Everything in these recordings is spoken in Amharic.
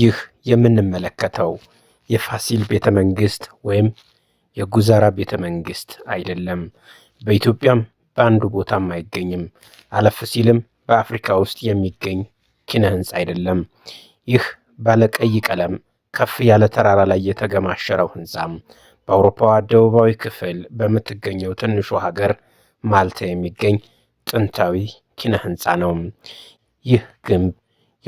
ይህ የምንመለከተው የፋሲል ቤተ መንግስት ወይም የጉዛራ ቤተ መንግስት አይደለም። በኢትዮጵያም በአንዱ ቦታም አይገኝም። አለፍ ሲልም በአፍሪካ ውስጥ የሚገኝ ኪነ ህንፃ አይደለም። ይህ ባለቀይ ቀለም ከፍ ያለ ተራራ ላይ የተገማሸረው ህንፃም በአውሮፓዋ ደቡባዊ ክፍል በምትገኘው ትንሹ ሀገር ማልታ የሚገኝ ጥንታዊ ኪነ ህንፃ ነው። ይህ ግንብ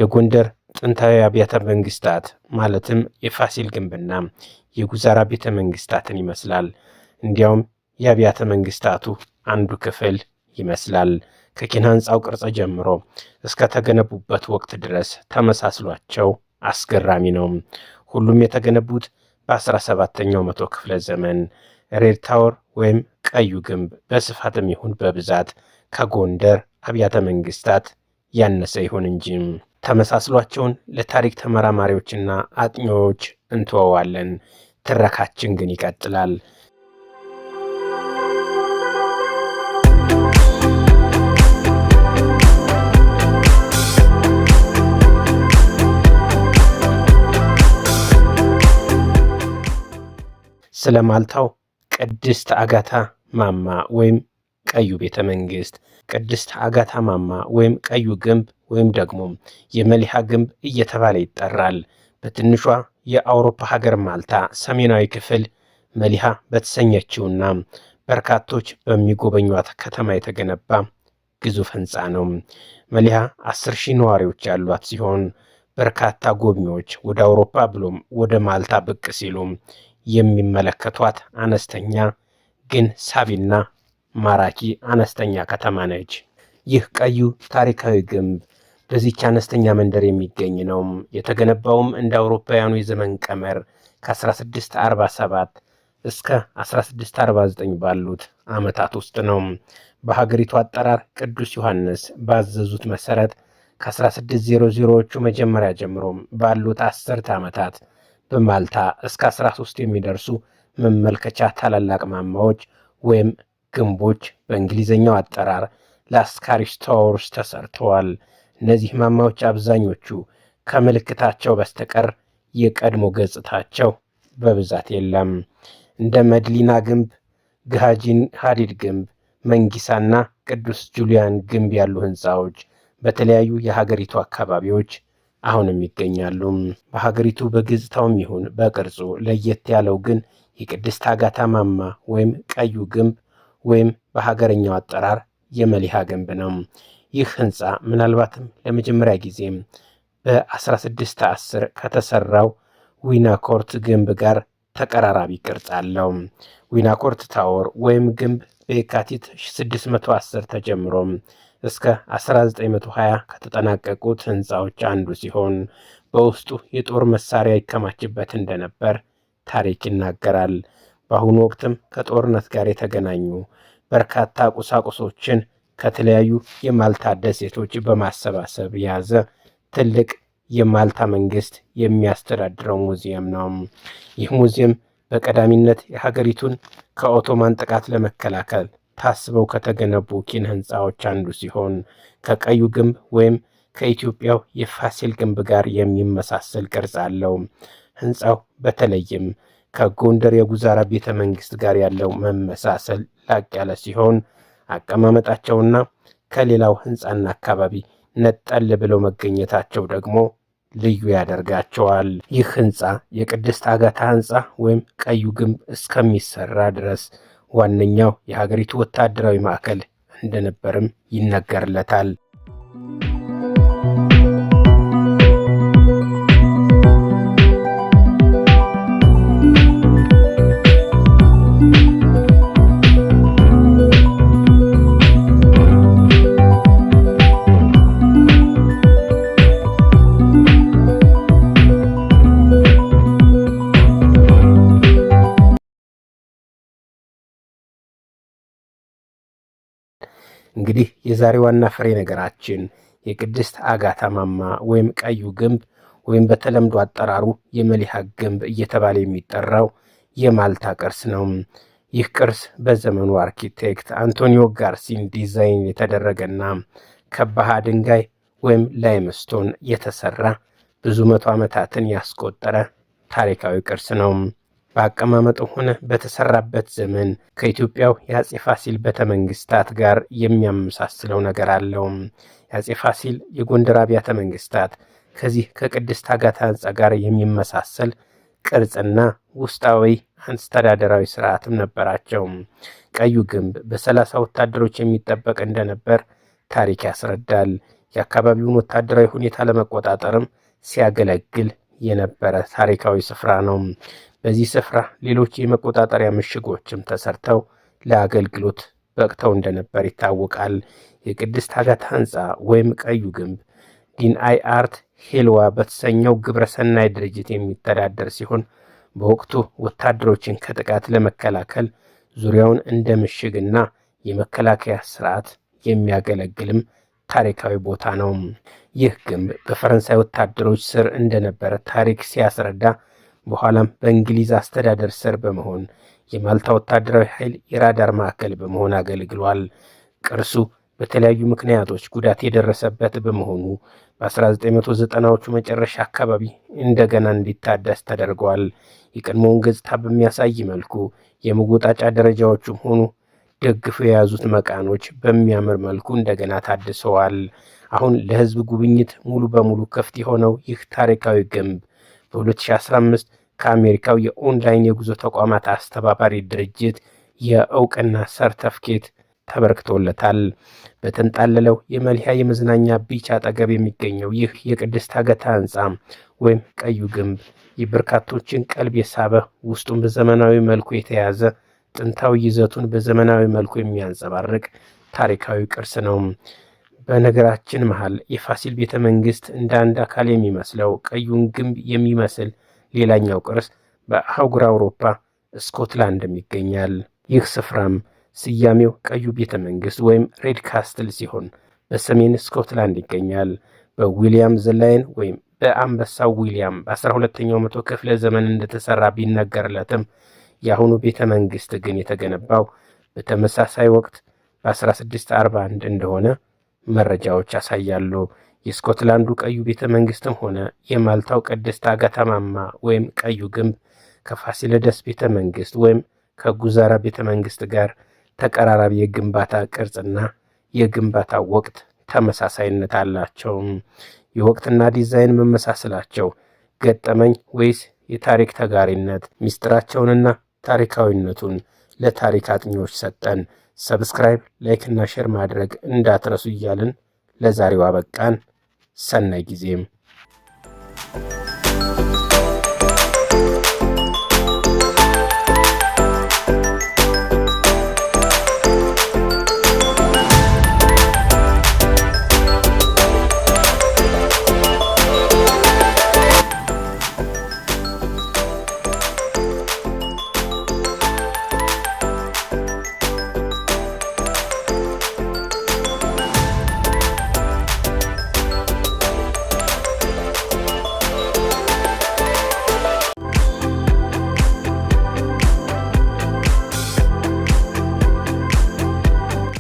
የጎንደር ጥንታዊ አብያተ መንግስታት ማለትም የፋሲል ግንብና የጉዛራ ቤተ መንግስታትን ይመስላል። እንዲያውም የአብያተ መንግስታቱ አንዱ ክፍል ይመስላል። ከኪነ ህንፃው ቅርጽ ጀምሮ እስከ ተገነቡበት ወቅት ድረስ ተመሳስሏቸው አስገራሚ ነው። ሁሉም የተገነቡት በ17ኛው መቶ ክፍለ ዘመን ሬድ ታወር ወይም ቀዩ ግንብ በስፋትም ይሁን በብዛት ከጎንደር አብያተ መንግስታት ያነሰ ይሁን እንጂ ተመሳስሏቸውን ለታሪክ ተመራማሪዎችና አጥኚዎች እንተወዋለን። ትረካችን ግን ይቀጥላል። ስለ ማልታው ቅድስት አጋታ ማማ ወይም ቀዩ ቤተ መንግስት፣ ቅድስት አጋታ ማማ ወይም ቀዩ ግንብ ወይም ደግሞ የመሊሃ ግንብ እየተባለ ይጠራል። በትንሿ የአውሮፓ ሀገር ማልታ ሰሜናዊ ክፍል መሊሃ በተሰኘችውና በርካቶች በሚጎበኟት ከተማ የተገነባ ግዙፍ ህንፃ ነው። መሊሃ አስር ሺህ ነዋሪዎች ያሏት ሲሆን በርካታ ጎብኚዎች ወደ አውሮፓ ብሎም ወደ ማልታ ብቅ ሲሉ የሚመለከቷት አነስተኛ ግን ሳቢና ማራኪ አነስተኛ ከተማ ነች። ይህ ቀዩ ታሪካዊ ግንብ በዚች አነስተኛ መንደር የሚገኝ ነው። የተገነባውም እንደ አውሮፓውያኑ የዘመን ቀመር ከ1647 እስከ 1649 ባሉት ዓመታት ውስጥ ነው። በሀገሪቱ አጠራር ቅዱስ ዮሐንስ ባዘዙት መሰረት ከ1600ዎቹ መጀመሪያ ጀምሮ ባሉት አስርተ ዓመታት በማልታ እስከ 13 የሚደርሱ መመልከቻ ታላላቅ ማማዎች ወይም ግንቦች በእንግሊዝኛው አጠራር ላስካሪስ ታወርስ ተሰርተዋል። እነዚህ ማማዎች አብዛኞቹ ከምልክታቸው በስተቀር የቀድሞ ገጽታቸው በብዛት የለም። እንደ መድሊና ግንብ፣ ግሃጂን ሀዲድ ግንብ፣ መንጊሳና ቅዱስ ጁሊያን ግንብ ያሉ ህንፃዎች በተለያዩ የሀገሪቱ አካባቢዎች አሁንም ይገኛሉ። በሀገሪቱ በገጽታውም ይሁን በቅርጹ ለየት ያለው ግን የቅድስት አጋታ ማማ ወይም ቀዩ ግንብ ወይም በሀገረኛው አጠራር የመሊሃ ግንብ ነው። ይህ ህንፃ ምናልባትም ለመጀመሪያ ጊዜም በ1610 ከተሰራው ዊናኮርት ግንብ ጋር ተቀራራቢ ቅርጽ አለው። ዊናኮርት ታወር ወይም ግንብ በየካቲት 610 ተጀምሮ እስከ 1920 ከተጠናቀቁት ህንፃዎች አንዱ ሲሆን በውስጡ የጦር መሳሪያ ይከማችበት እንደነበር ታሪክ ይናገራል። በአሁኑ ወቅትም ከጦርነት ጋር የተገናኙ በርካታ ቁሳቁሶችን ከተለያዩ የማልታ ደሴቶች በማሰባሰብ የያዘ ትልቅ የማልታ መንግስት የሚያስተዳድረው ሙዚየም ነው። ይህ ሙዚየም በቀዳሚነት የሀገሪቱን ከኦቶማን ጥቃት ለመከላከል ታስበው ከተገነቡ ኪን ህንፃዎች አንዱ ሲሆን ከቀዩ ግንብ ወይም ከኢትዮጵያው የፋሲል ግንብ ጋር የሚመሳሰል ቅርጽ አለው። ህንፃው በተለይም ከጎንደር የጉዛራ ቤተ መንግስት ጋር ያለው መመሳሰል ላቅ ያለ ሲሆን አቀማመጣቸውና ከሌላው ህንፃና አካባቢ ነጠል ብለው መገኘታቸው ደግሞ ልዩ ያደርጋቸዋል። ይህ ህንፃ የቅድስት አጋታ ህንፃ ወይም ቀዩ ግንብ እስከሚሰራ ድረስ ዋነኛው የሀገሪቱ ወታደራዊ ማዕከል እንደነበርም ይነገርለታል። እንግዲህ የዛሬ ዋና ፍሬ ነገራችን የቅድስት አጋታ ማማ ወይም ቀዩ ግንብ ወይም በተለምዶ አጠራሩ የመሊሃ ግንብ እየተባለ የሚጠራው የማልታ ቅርስ ነው። ይህ ቅርስ በዘመኑ አርኪቴክት አንቶኒዮ ጋርሲን ዲዛይን የተደረገና ከባሃ ድንጋይ ወይም ላይምስቶን የተሰራ ብዙ መቶ ዓመታትን ያስቆጠረ ታሪካዊ ቅርስ ነው። በአቀማመጡ ሆነ በተሰራበት ዘመን ከኢትዮጵያው የአጼ ፋሲል ቤተመንግስታት ጋር የሚያመሳስለው ነገር አለውም። የአጼ ፋሲል የጎንደር አብያተ መንግስታት ከዚህ ከቅድስት አጋታ ህንፃ ጋር የሚመሳሰል ቅርጽና ውስጣዊ አስተዳደራዊ ስርዓትም ነበራቸው። ቀዩ ግንብ በሰላሳ ወታደሮች የሚጠበቅ እንደነበር ታሪክ ያስረዳል። የአካባቢውን ወታደራዊ ሁኔታ ለመቆጣጠርም ሲያገለግል የነበረ ታሪካዊ ስፍራ ነው። በዚህ ስፍራ ሌሎች የመቆጣጠሪያ ምሽጎችም ተሰርተው ለአገልግሎት በቅተው እንደነበር ይታወቃል። የቅድስት አጋታ ሕንፃ ወይም ቀዩ ግንብ ዲን አይ አርት ሄልዋ በተሰኘው ግብረሰናይ ድርጅት የሚተዳደር ሲሆን በወቅቱ ወታደሮችን ከጥቃት ለመከላከል ዙሪያውን እንደ ምሽግና የመከላከያ ስርዓት የሚያገለግልም ታሪካዊ ቦታ ነው። ይህ ግንብ በፈረንሳይ ወታደሮች ስር እንደነበረ ታሪክ ሲያስረዳ በኋላም በእንግሊዝ አስተዳደር ስር በመሆን የማልታ ወታደራዊ ኃይል የራዳር ማዕከል በመሆን አገልግሏል። ቅርሱ በተለያዩ ምክንያቶች ጉዳት የደረሰበት በመሆኑ በ1990ዎቹ መጨረሻ አካባቢ እንደገና እንዲታደስ ተደርጓል። የቀድሞውን ገጽታ በሚያሳይ መልኩ የመወጣጫ ደረጃዎቹም ሆኑ ደግፎ የያዙት መቃኖች በሚያምር መልኩ እንደገና ታድሰዋል። አሁን ለሕዝብ ጉብኝት ሙሉ በሙሉ ክፍት የሆነው ይህ ታሪካዊ ግንብ በ2015 ከአሜሪካው የኦንላይን የጉዞ ተቋማት አስተባባሪ ድርጅት የእውቅና ሰርተፍኬት ተበርክቶለታል። በተንጣለለው የመልሃ የመዝናኛ ቢች አጠገብ የሚገኘው ይህ የቅድስት አገታ ህንፃ ወይም ቀዩ ግንብ የበርካቶችን ቀልብ የሳበ ውስጡን በዘመናዊ መልኩ የተያዘ ጥንታዊ ይዘቱን በዘመናዊ መልኩ የሚያንጸባርቅ ታሪካዊ ቅርስ ነው። በነገራችን መሃል የፋሲል ቤተ መንግስት እንደ አንድ አካል የሚመስለው ቀዩን ግንብ የሚመስል ሌላኛው ቅርስ በአህጉር አውሮፓ ስኮትላንድም ይገኛል። ይህ ስፍራም ስያሜው ቀዩ ቤተ መንግስት ወይም ሬድ ካስትል ሲሆን በሰሜን ስኮትላንድ ይገኛል። በዊሊያም ዘላይን ወይም በአንበሳው ዊሊያም በ12ኛው መቶ ክፍለ ዘመን እንደተሰራ ቢነገርለትም የአሁኑ ቤተ መንግስት ግን የተገነባው በተመሳሳይ ወቅት በ1641 እንደሆነ መረጃዎች ያሳያሉ። የስኮትላንዱ ቀዩ ቤተ መንግስትም ሆነ የማልታው ቅድስት አጋታ ማማ ወይም ቀዩ ግንብ ከፋሲለደስ ቤተ መንግስት ወይም ከጉዛራ ቤተ መንግስት ጋር ተቀራራቢ የግንባታ ቅርጽና የግንባታ ወቅት ተመሳሳይነት አላቸው። የወቅትና ዲዛይን መመሳሰላቸው ገጠመኝ ወይስ የታሪክ ተጋሪነት ሚስጥራቸውንና ታሪካዊነቱን ለታሪክ አጥኚዎች ሰጠን። ሰብስክራይብ፣ ላይክ እና ሼር ማድረግ እንዳትረሱ እያልን ለዛሬው አበቃን። ሰናይ ጊዜም